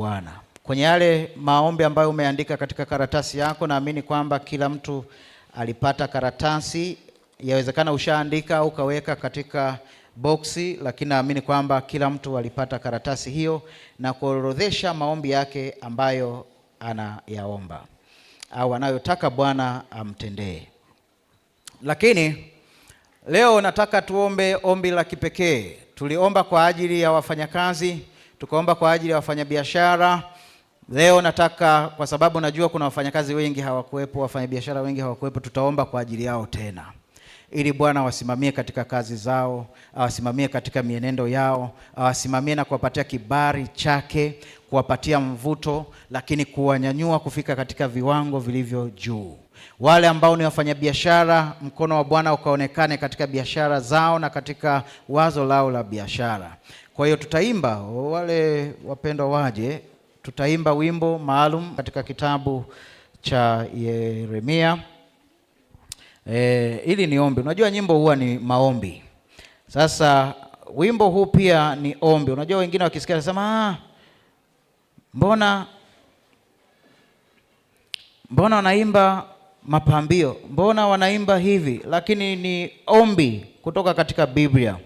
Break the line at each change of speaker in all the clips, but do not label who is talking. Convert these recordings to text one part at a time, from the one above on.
Bwana. Kwenye yale maombi ambayo umeandika katika karatasi yako, naamini kwamba kila mtu alipata karatasi, yawezekana ushaandika au ukaweka katika boksi, lakini naamini kwamba kila mtu alipata karatasi hiyo na kuorodhesha maombi yake ambayo anayaomba au anayotaka Bwana amtendee. Lakini leo nataka tuombe ombi la kipekee. Tuliomba kwa ajili ya wafanyakazi tukaomba kwa ajili ya wafanyabiashara. Leo nataka kwa sababu najua kuna wafanyakazi wengi hawakuwepo, wafanyabiashara wengi hawakuwepo, tutaomba kwa ajili yao tena ili Bwana awasimamie katika kazi zao, awasimamie katika mienendo yao, awasimamie na kuwapatia kibari chake, kuwapatia mvuto, lakini kuwanyanyua kufika katika viwango vilivyo juu. Wale ambao ni wafanyabiashara, mkono wa Bwana ukaonekane katika biashara zao na katika wazo lao la biashara. Kwa hiyo tutaimba, wale wapendwa waje, tutaimba wimbo maalum katika kitabu cha Yeremia. E, ili ni ombi. Unajua nyimbo huwa ni maombi. Sasa wimbo huu pia ni ombi. Unajua wengine wakisikia nasema ah, mbona mbona wanaimba mapambio, mbona wanaimba hivi, lakini ni ombi kutoka katika Biblia.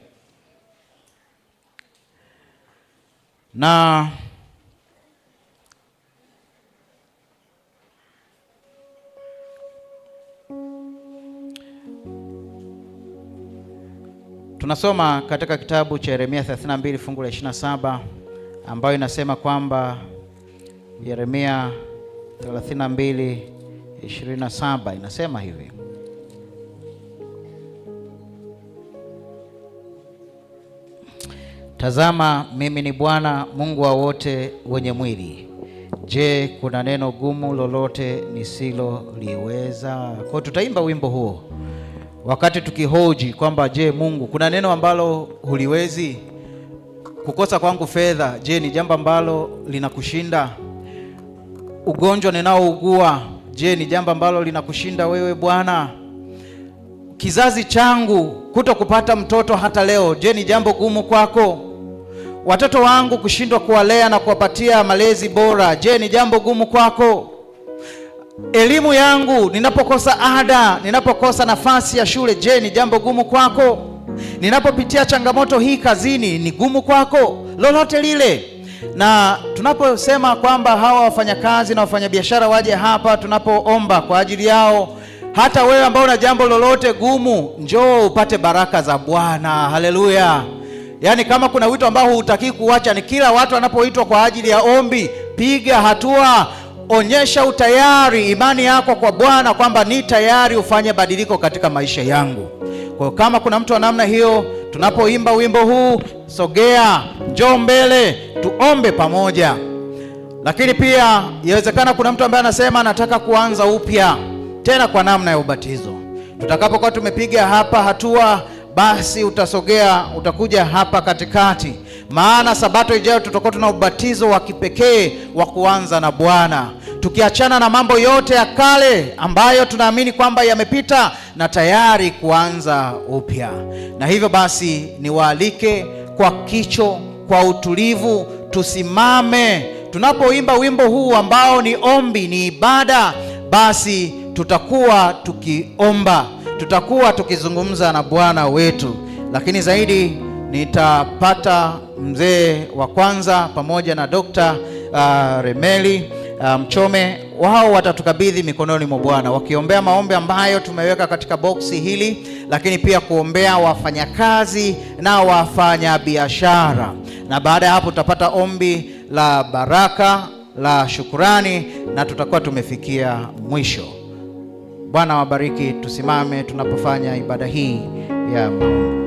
na tunasoma katika kitabu cha Yeremia 32 fungu la 27 ambayo inasema kwamba Yeremia 32 27 inasema hivi Tazama, mimi ni Bwana Mungu wa wote wenye mwili. Je, kuna neno gumu lolote nisiloliweza? Kwa tutaimba wimbo huo wakati tukihoji kwamba, je, Mungu, kuna neno ambalo huliwezi? Kukosa kwangu fedha, je, ni jambo ambalo linakushinda? Ugonjwa ninaougua, je, ni jambo ambalo linakushinda wewe Bwana? Kizazi changu kuto kupata mtoto hata leo, je, ni jambo gumu kwako? watoto wangu kushindwa kuwalea na kuwapatia malezi bora, je, ni jambo gumu kwako? Elimu yangu ninapokosa ada, ninapokosa nafasi ya shule, je, ni jambo gumu kwako? Ninapopitia changamoto hii kazini, ni gumu kwako? Lolote lile. Na tunaposema kwamba hawa wafanyakazi na wafanyabiashara waje hapa, tunapoomba kwa ajili yao, hata wewe ambao una jambo lolote gumu, njoo upate baraka za Bwana. Haleluya! Yaani kama kuna wito ambao hutaki kuacha, ni kila watu anapoitwa kwa ajili ya ombi, piga hatua, onyesha utayari, imani yako kwa Bwana kwamba ni tayari ufanye badiliko katika maisha yangu. Kwa kama kuna mtu wa namna hiyo, tunapoimba wimbo huu, sogea, njoo mbele, tuombe pamoja. Lakini pia inawezekana kuna mtu ambaye anasema anataka kuanza upya tena kwa namna ya ubatizo. Tutakapokuwa tumepiga hapa hatua basi utasogea utakuja hapa katikati, maana sabato ijayo tutakuwa tuna ubatizo wa kipekee wa kuanza na Bwana, tukiachana na mambo yote ya kale ambayo tunaamini kwamba yamepita na tayari kuanza upya. Na hivyo basi, niwaalike kwa kicho, kwa utulivu, tusimame tunapoimba wimbo huu ambao ni ombi, ni ibada, basi tutakuwa tukiomba tutakuwa tukizungumza na Bwana wetu, lakini zaidi nitapata mzee wa kwanza pamoja na Dokta uh, Remeli uh, Mchome wao watatukabidhi mikononi mwa Bwana wakiombea maombi ambayo tumeweka katika boksi hili, lakini pia kuombea wafanyakazi na wafanyabiashara, na baada ya hapo tutapata ombi la baraka la shukurani na tutakuwa tumefikia mwisho. Bwana wabariki. Tusimame tunapofanya ibada hii ya Mungu.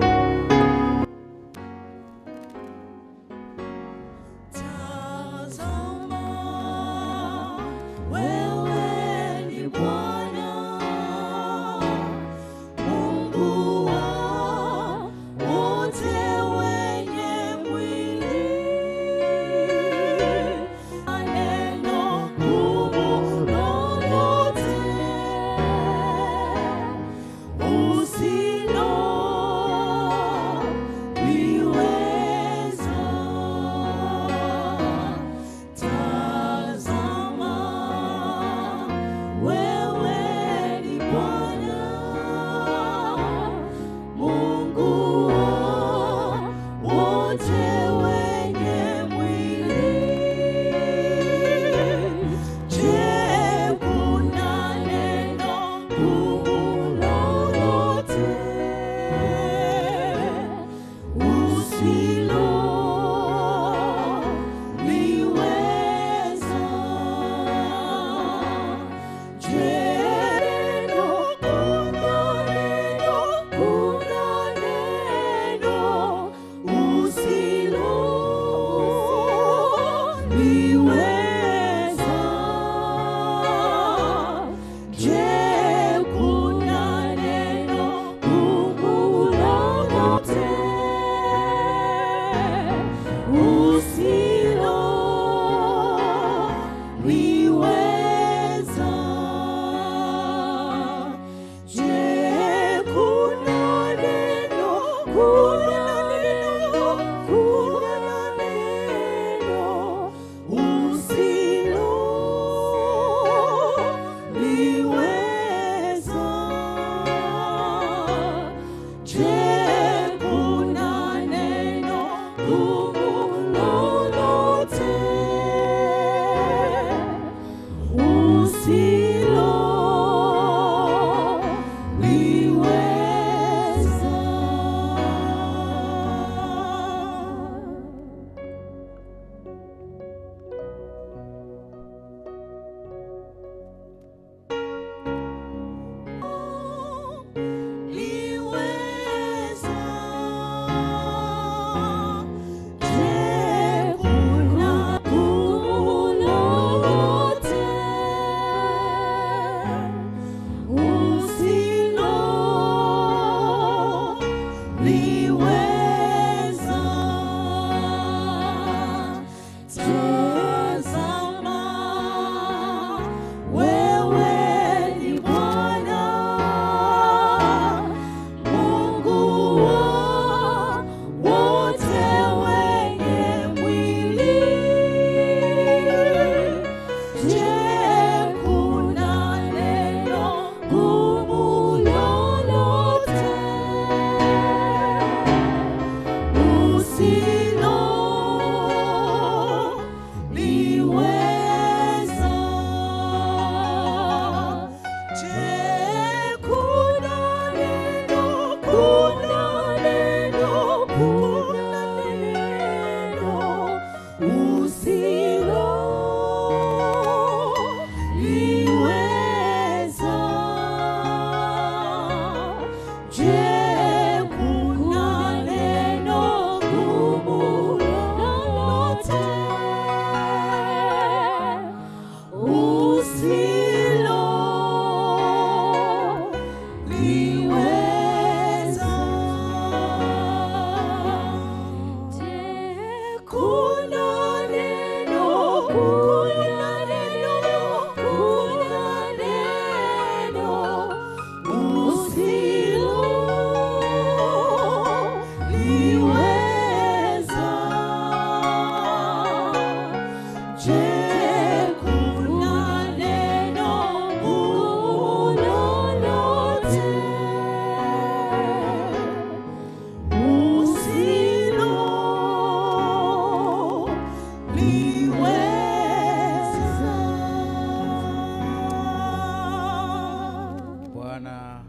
Bwana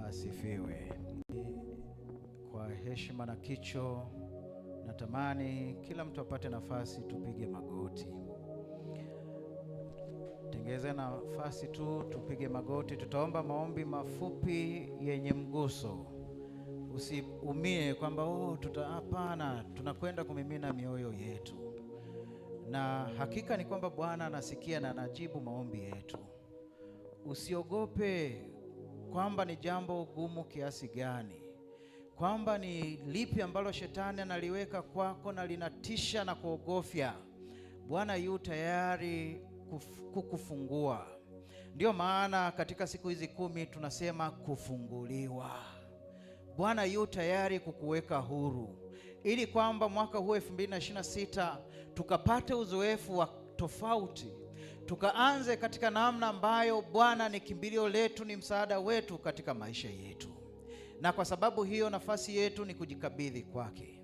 uh, asifiwe. Kwa heshima na kicho, natamani kila mtu apate nafasi, tupige magoti, tengeze nafasi tu, tupige magoti. Tutaomba maombi mafupi yenye mguso. Usiumie kwamba oh, tuta hapana, tunakwenda kumimina mioyo yetu, na hakika ni kwamba Bwana anasikia na anajibu maombi yetu. Usiogope kwamba ni jambo gumu kiasi gani, kwamba ni lipi ambalo shetani analiweka kwako na linatisha na kuogofya. Bwana yu tayari kukufungua. Ndiyo maana katika siku hizi kumi tunasema kufunguliwa. Bwana yu tayari kukuweka huru, ili kwamba mwaka huu 2026 tukapate uzoefu wa tofauti tukaanze katika namna ambayo Bwana ni kimbilio letu, ni msaada wetu katika maisha yetu, na kwa sababu hiyo nafasi yetu ni kujikabidhi kwake.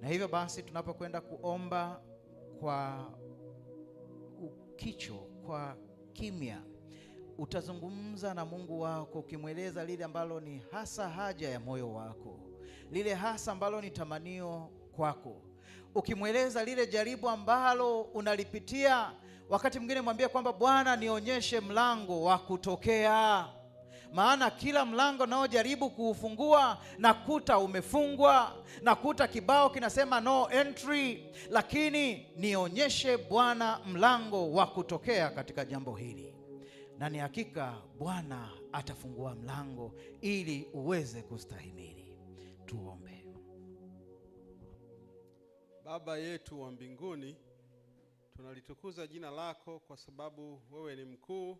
Na hivyo basi tunapokwenda kuomba kwa ukicho, kwa kimya, utazungumza na Mungu wako ukimweleza lile ambalo ni hasa haja ya moyo wako, lile hasa ambalo ni tamanio kwako, ukimweleza lile jaribu ambalo unalipitia Wakati mwingine mwambie kwamba Bwana, nionyeshe mlango wa kutokea, maana kila mlango unaojaribu kuufungua nakuta umefungwa, na kuta kibao kinasema no entry. Lakini nionyeshe Bwana mlango wa kutokea katika jambo hili, na ni hakika Bwana atafungua mlango ili uweze kustahimili. Tuombe.
Baba yetu wa mbinguni tunalitukuza jina lako kwa sababu wewe ni mkuu,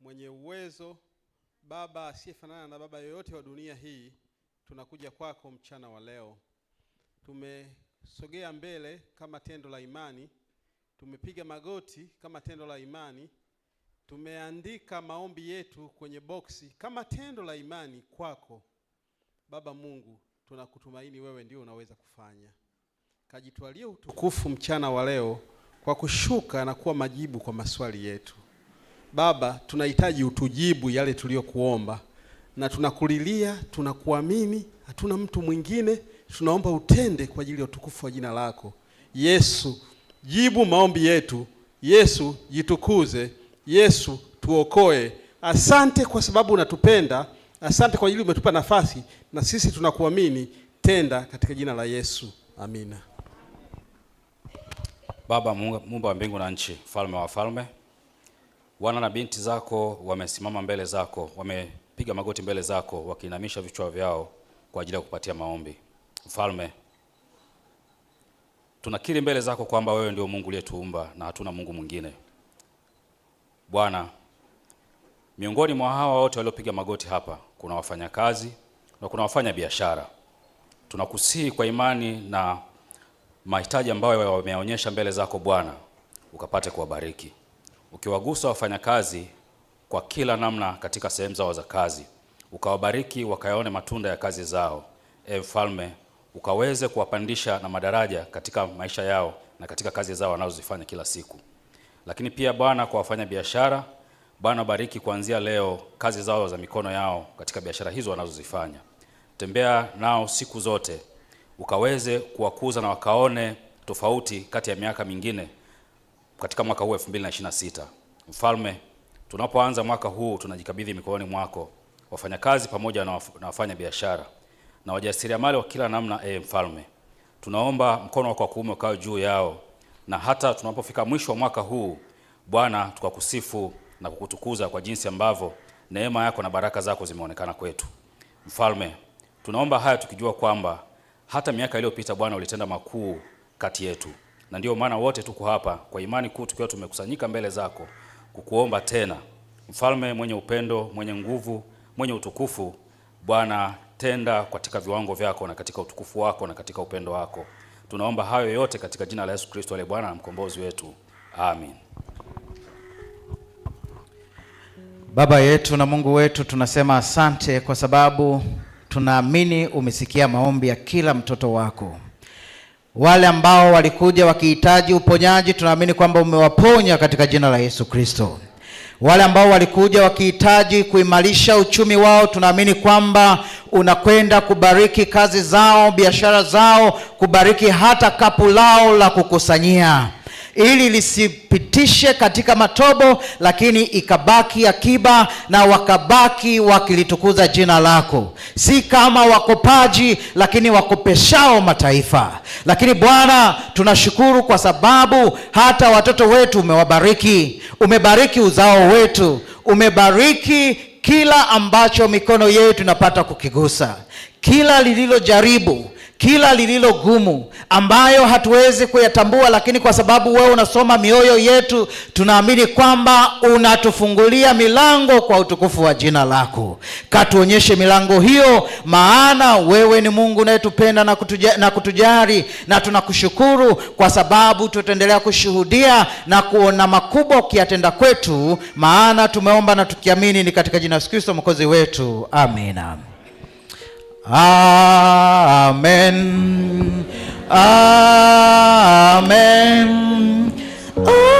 mwenye uwezo, Baba asiyefanana na baba yoyote wa dunia hii. Tunakuja kwako mchana wa leo, tumesogea mbele kama tendo la imani, tumepiga magoti kama tendo la imani, tumeandika maombi yetu kwenye boksi kama tendo la imani kwako. Baba Mungu, tunakutumaini wewe ndio unaweza kufanya. Kajitwalie utukufu mchana wa leo kwa kushuka na kuwa majibu kwa maswali yetu. Baba, tunahitaji utujibu yale tuliyokuomba, na tunakulilia, tunakuamini, hatuna mtu mwingine. Tunaomba utende kwa ajili ya utukufu wa jina lako Yesu. Jibu maombi yetu Yesu, jitukuze Yesu, tuokoe. Asante kwa sababu unatupenda. Asante kwa ajili umetupa nafasi, na sisi tunakuamini. Tenda katika jina la Yesu, amina.
Baba muumba wa mbingu na nchi, mfalme wa wafalme, wana na binti zako wamesimama mbele zako, wamepiga magoti mbele zako, wakiinamisha vichwa vyao kwa ajili ya kupatia maombi. Mfalme, tunakiri mbele zako kwamba wewe ndio Mungu uliyetuumba na hatuna Mungu mwingine. Bwana, miongoni mwa hawa wote waliopiga magoti hapa kuna wafanyakazi na kuna wafanya biashara. Tunakusihi kwa imani na mahitaji ambayo wameonyesha mbele zako Bwana, ukapate kuwabariki ukiwagusa wafanyakazi kwa kila namna katika sehemu zao za kazi, ukawabariki wakayaone matunda ya kazi zao. E Mfalme, ukaweze kuwapandisha na madaraja katika maisha yao na katika kazi zao wanazozifanya kila siku. Lakini pia Bwana, kwa wafanya biashara Bwana, bariki kuanzia leo kazi zao za mikono yao katika biashara hizo wanazozifanya. Tembea nao siku zote ukaweze kuwakuza na wakaone tofauti kati ya miaka mingine katika mwaka huu 2026. Mfalme, tunapoanza mwaka huu tunajikabidhi mikononi mwako, wafanyakazi pamoja na wafanya biashara na wajasiriamali wa kila namna. E Mfalme, tunaomba mkono wako wa kuume ukawe juu yao, na hata tunapofika mwisho wa mwaka huu Bwana, tukakusifu na kukutukuza kwa jinsi ambavyo neema yako na baraka zako zimeonekana kwetu. Mfalme, tunaomba haya tukijua kwamba hata miaka iliyopita Bwana ulitenda makuu kati yetu, na ndio maana wote tuko hapa kwa imani kuu tukiwa tumekusanyika mbele zako kukuomba tena, mfalme mwenye upendo, mwenye nguvu, mwenye utukufu. Bwana, tenda katika viwango vyako na katika utukufu wako na katika upendo wako. Tunaomba hayo yote katika jina la Yesu Kristo aliye Bwana na mkombozi wetu, amin.
Baba yetu na Mungu wetu, tunasema asante kwa sababu Tunaamini umesikia maombi ya kila mtoto wako. Wale ambao walikuja wakihitaji uponyaji, tunaamini kwamba umewaponya katika jina la Yesu Kristo. Wale ambao walikuja wakihitaji kuimarisha uchumi wao, tunaamini kwamba unakwenda kubariki kazi zao, biashara zao, kubariki hata kapu lao la kukusanyia ili lisipitishe katika matobo, lakini ikabaki akiba na wakabaki wakilitukuza jina lako, si kama wakopaji, lakini wakopeshao mataifa. Lakini Bwana, tunashukuru kwa sababu hata watoto wetu umewabariki, umebariki uzao wetu, umebariki kila ambacho mikono yetu inapata kukigusa, kila lililojaribu kila lililo gumu ambayo hatuwezi kuyatambua, lakini kwa sababu wewe unasoma mioyo yetu, tunaamini kwamba unatufungulia milango kwa utukufu wa jina lako. Katuonyeshe milango hiyo, maana wewe ni Mungu unayetupenda na kutuja, na kutujali, na tunakushukuru kwa sababu tutaendelea kushuhudia na kuona makubwa ukiyatenda kwetu, maana tumeomba na tukiamini ni katika jina la Yesu Kristo mwokozi wetu, amina. Amen. Amen. Amen. Oh.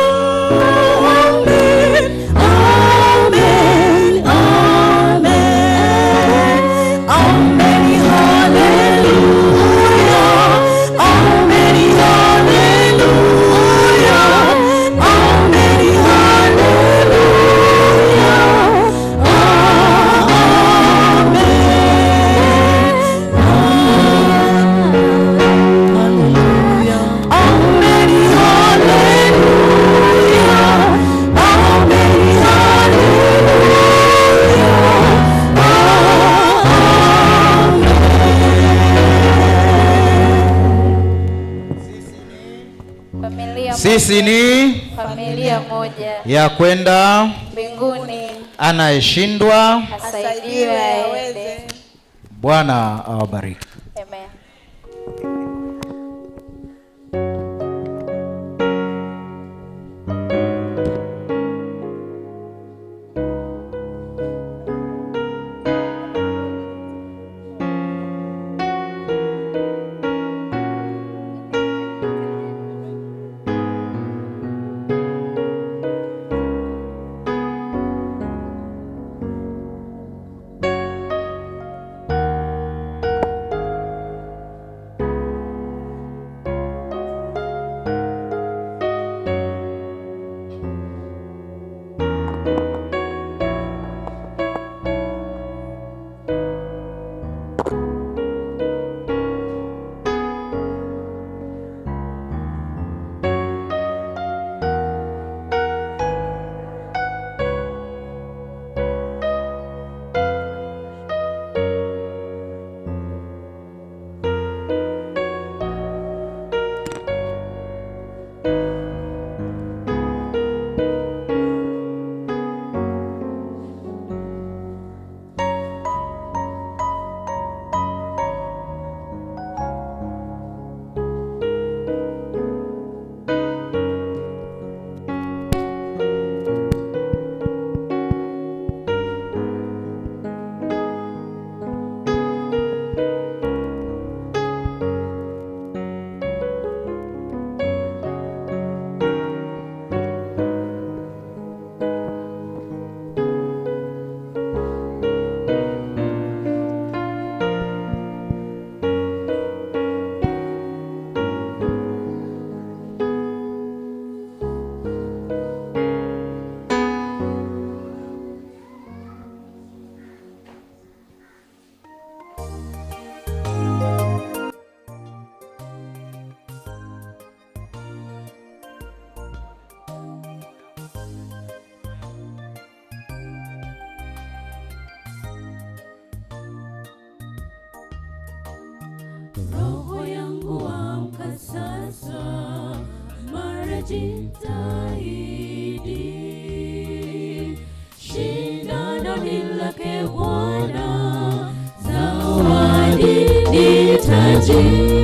sisi ni
familia moja
ya kwenda
mbinguni.
Anayeshindwa
asaidiwe aende.
Bwana awabariki.
Roho yangu amka sasa, mara jitahidi. Shindano ni lake Bwana, zawadi ni taji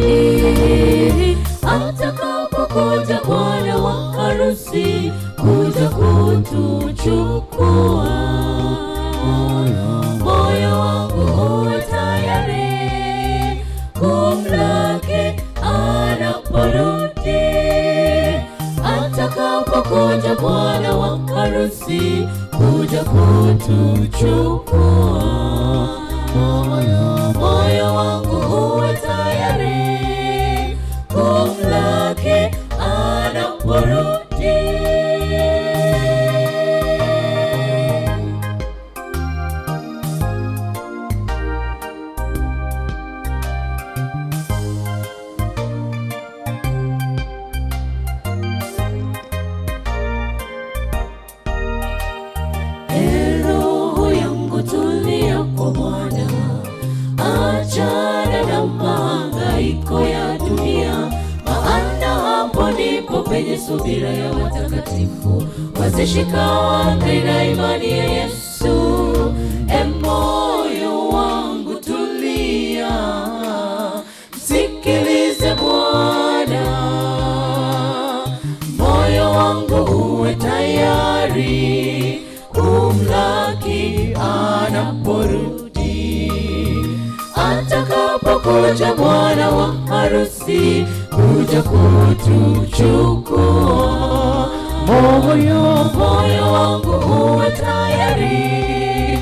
kuja bwana wa harusi, kuja kutuchukua. Moyo moyo wangu uwe tayari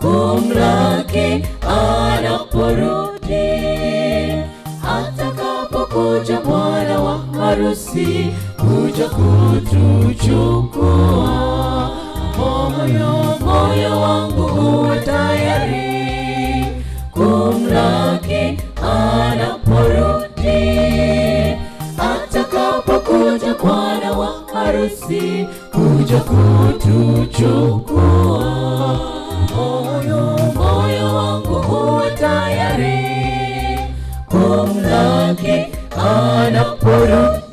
kumlaki anaporudi, atakapokuja bwana wa harusi, kuja kutuchukua. Moyo moyo wangu uwe tayari
kuweza kutuchukua. Moyo moyo wangu uwe tayari kumlaki anaporudi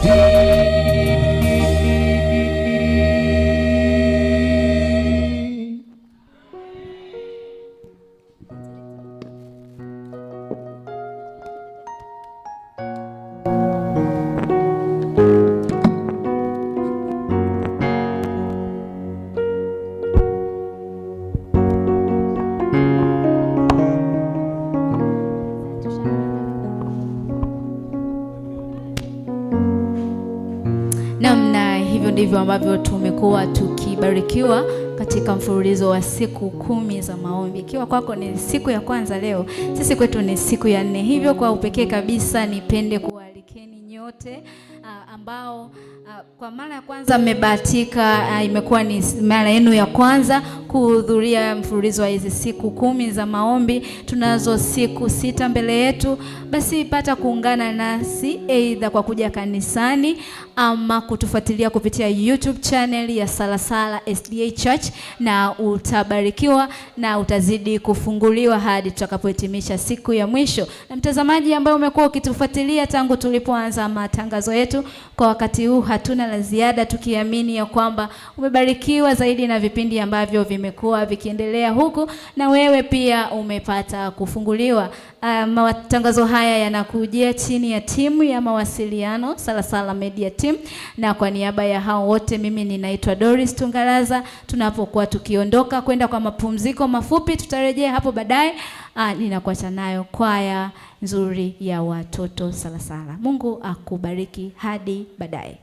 mfululizo wa siku kumi za maombi. Ikiwa kwako ni siku ya kwanza leo, sisi kwetu ni siku ya nne, hivyo kwa upekee kabisa nipende kuwalikeni nyote Uh, ambao uh, kwa mara ya kwanza mmebahatika, uh, imekuwa ni mara yenu ya kwanza kuhudhuria mfululizo wa hizi siku kumi za maombi. Tunazo siku sita mbele yetu, basi pata kuungana nasi aidha kwa kuja kanisani ama kutufuatilia kupitia YouTube channel ya Salasala SDA Church, na utabarikiwa na utazidi kufunguliwa hadi tutakapohitimisha siku ya mwisho. Na mtazamaji ambaye umekuwa ukitufuatilia tangu tulipoanza matangazo yetu, kwa wakati huu hatuna la ziada, tukiamini ya kwamba umebarikiwa zaidi na vipindi ambavyo vime vimekuwa vikiendelea huku na wewe pia umepata kufunguliwa. Uh, matangazo haya yanakujia chini ya timu ya mawasiliano Salasala Media Team, na kwa niaba ya hao wote mimi ninaitwa Doris Tungalaza. Tunapokuwa tukiondoka kwenda kwa mapumziko mafupi, tutarejea hapo baadaye. Uh, ninakuacha nayo kwaya nzuri ya watoto Salasala. Mungu akubariki hadi baadaye.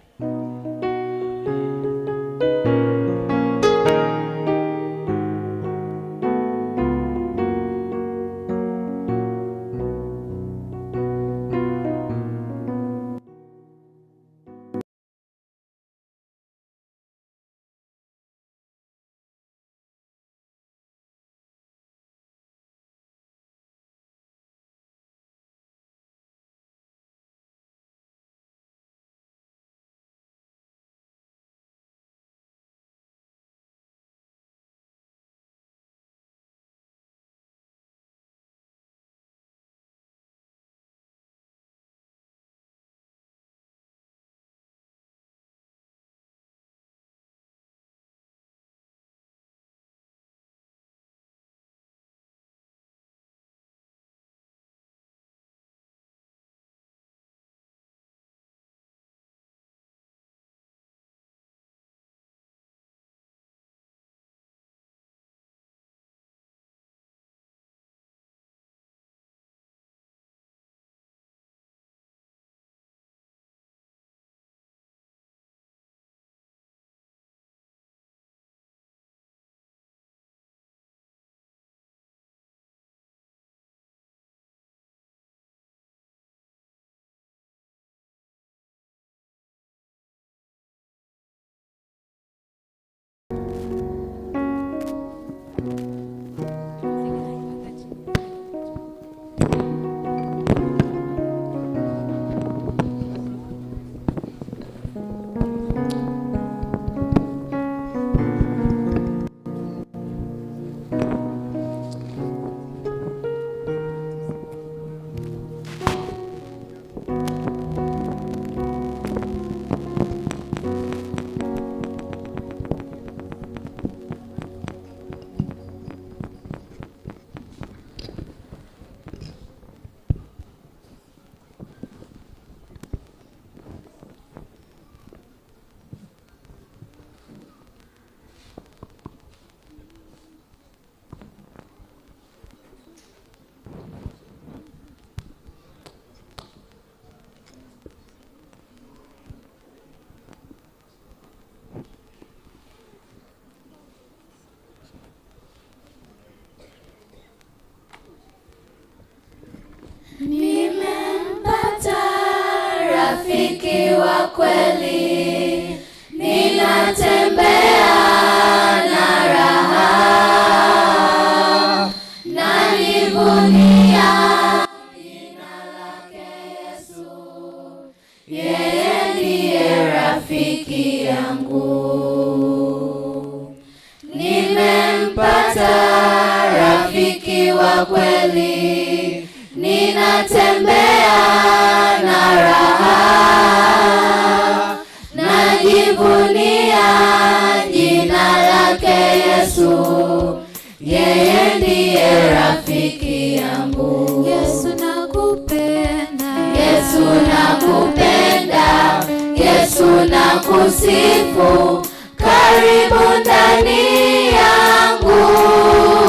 kweli, ninatembea na raha, nalivunia jina lake Yesu, yeye ndiye rafiki yangu, nimempata rafiki wa kweli natembea na raha, najivunia jina lake Yesu, yeye ndiye rafiki yangu. Yesu nakupenda, Yesu nakupenda, Yesu nakusifu, karibu ndani yangu